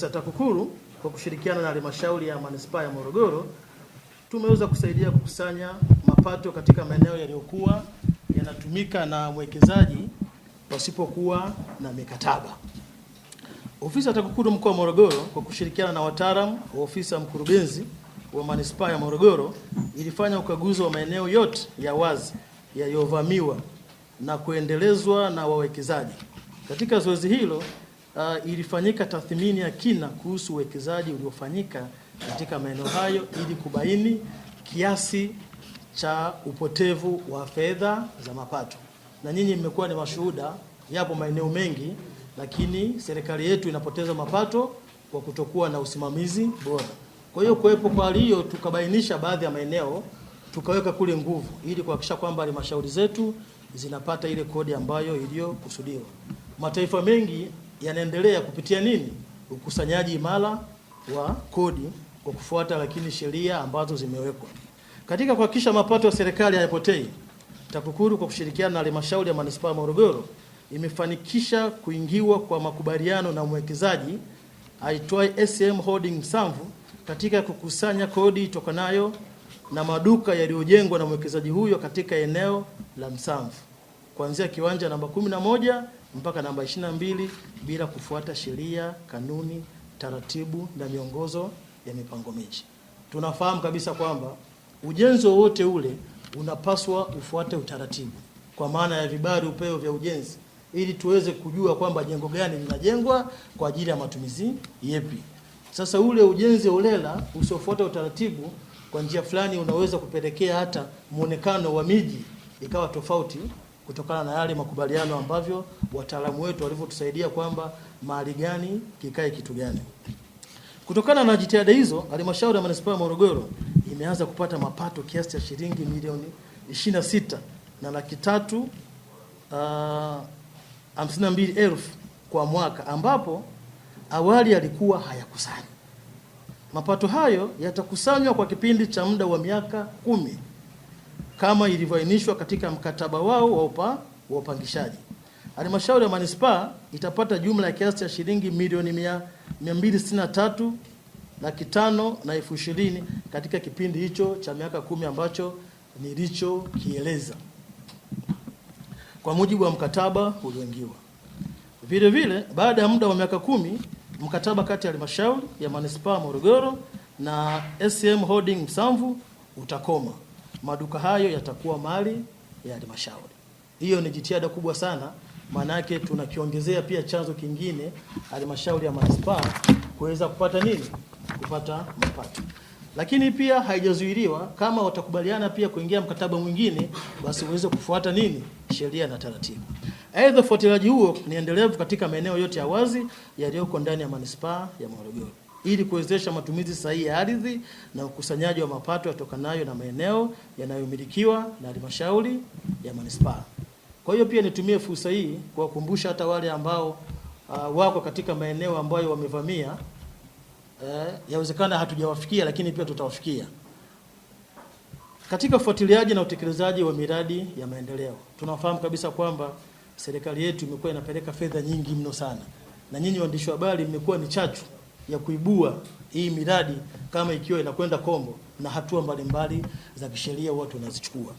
TAKUKURU kwa kushirikiana na halmashauri ya manispaa ya Morogoro tumeweza kusaidia kukusanya mapato katika maeneo yaliyokuwa yanatumika na mwekezaji pasipokuwa na mikataba. Ofisi ya TAKUKURU mkoa wa Morogoro kwa kushirikiana na wataalamu wa ofisi ya mkurugenzi wa manispaa ya Morogoro ilifanya ukaguzi wa maeneo yote ya wazi yaliyovamiwa na kuendelezwa na wawekezaji. Katika zoezi hilo uh, ilifanyika tathmini ya kina kuhusu uwekezaji uliofanyika katika maeneo hayo ili kubaini kiasi cha upotevu wa fedha za mapato, na nyinyi mmekuwa ni mashuhuda. Yapo maeneo mengi, lakini serikali yetu inapoteza mapato kwa kutokuwa na usimamizi bora. Kwa hiyo kuwepo kwa hali hiyo, tukabainisha baadhi ya maeneo tukaweka kule nguvu ili kuhakikisha kwamba halmashauri zetu zinapata ile kodi ambayo iliyokusudiwa. Mataifa mengi yanaendelea kupitia nini? Ukusanyaji imara wa kodi kwa kufuata lakini sheria ambazo zimewekwa. Katika kuhakikisha mapato ya serikali hayapotei, TAKUKURU kwa kushirikiana na halmashauri ya manispaa ya Morogoro imefanikisha kuingiwa kwa makubaliano na mwekezaji aitwaye SM Holding Samvu katika kukusanya kodi itokanayo na maduka yaliyojengwa na mwekezaji huyo katika eneo la Msamvu kuanzia kiwanja namba moja mpaka namba mbili bila kufuata sheria, kanuni, taratibu na miongozo ya mipango miji. Tunafahamu kabisa kwamba ujenzi wowote ule unapaswa ufuate utaratibu kwa maana ya vibali, upeo vya ujenzi ili tuweze kujua kwamba jengo gani linajengwa kwa ajili ya matumizi yepi. Sasa ule ujenzi holela usiofuata utaratibu kwa njia fulani unaweza kupelekea hata muonekano wa miji ikawa tofauti kutokana na yale makubaliano ambavyo wataalamu wetu walivyotusaidia kwamba mahali gani kikae kitu gani. Kutokana na jitihada hizo, halmashauri ya manispaa ya Morogoro imeanza kupata mapato kiasi cha shilingi milioni 26 na laki tatu ah, hamsini na mbili elfu kwa mwaka ambapo awali yalikuwa hayakusanya Mapato hayo yatakusanywa kwa kipindi cha muda wa miaka kumi kama ilivyoainishwa katika mkataba wao wa upa, wa upangishaji. Halmashauri ya manispaa itapata jumla ya kiasi cha shilingi milioni 263 laki tano na elfu ishirini katika kipindi hicho cha miaka kumi ambacho nilichokieleza kwa mujibu wa mkataba ulioingiwa. Vile vile baada ya muda wa miaka kumi mkataba kati ya halmashauri ya manispaa Morogoro na SM Holding Msamvu utakoma maduka hayo yatakuwa mali ya halmashauri. Hiyo ni jitihada kubwa sana, maanake tunakiongezea pia chanzo kingine halmashauri ya manispaa kuweza kupata nini, kupata mapato. Lakini pia haijazuiliwa, kama watakubaliana pia kuingia mkataba mwingine, basi uweze kufuata nini, sheria na taratibu. Aidha, ufuatiliaji huo ni endelevu katika maeneo yote ya wazi yaliyoko ndani ya manispaa ya Morogoro ili kuwezesha matumizi sahihi ya ardhi na ukusanyaji wa mapato yatokanayo na maeneo yanayomilikiwa na halmashauri ya manispaa. Kwa hiyo pia nitumie fursa hii kuwakumbusha hata wale ambao uh, wako katika maeneo ambayo wamevamia eh, yawezekana hatujawafikia lakini pia tutawafikia. Katika ufuatiliaji na utekelezaji wa miradi ya maendeleo, tunafahamu kabisa kwamba serikali yetu imekuwa inapeleka fedha nyingi mno sana, na nyinyi waandishi wa habari mmekuwa ni chachu ya kuibua hii miradi kama ikiwa inakwenda kombo na hatua mbalimbali za kisheria watu wanazichukua.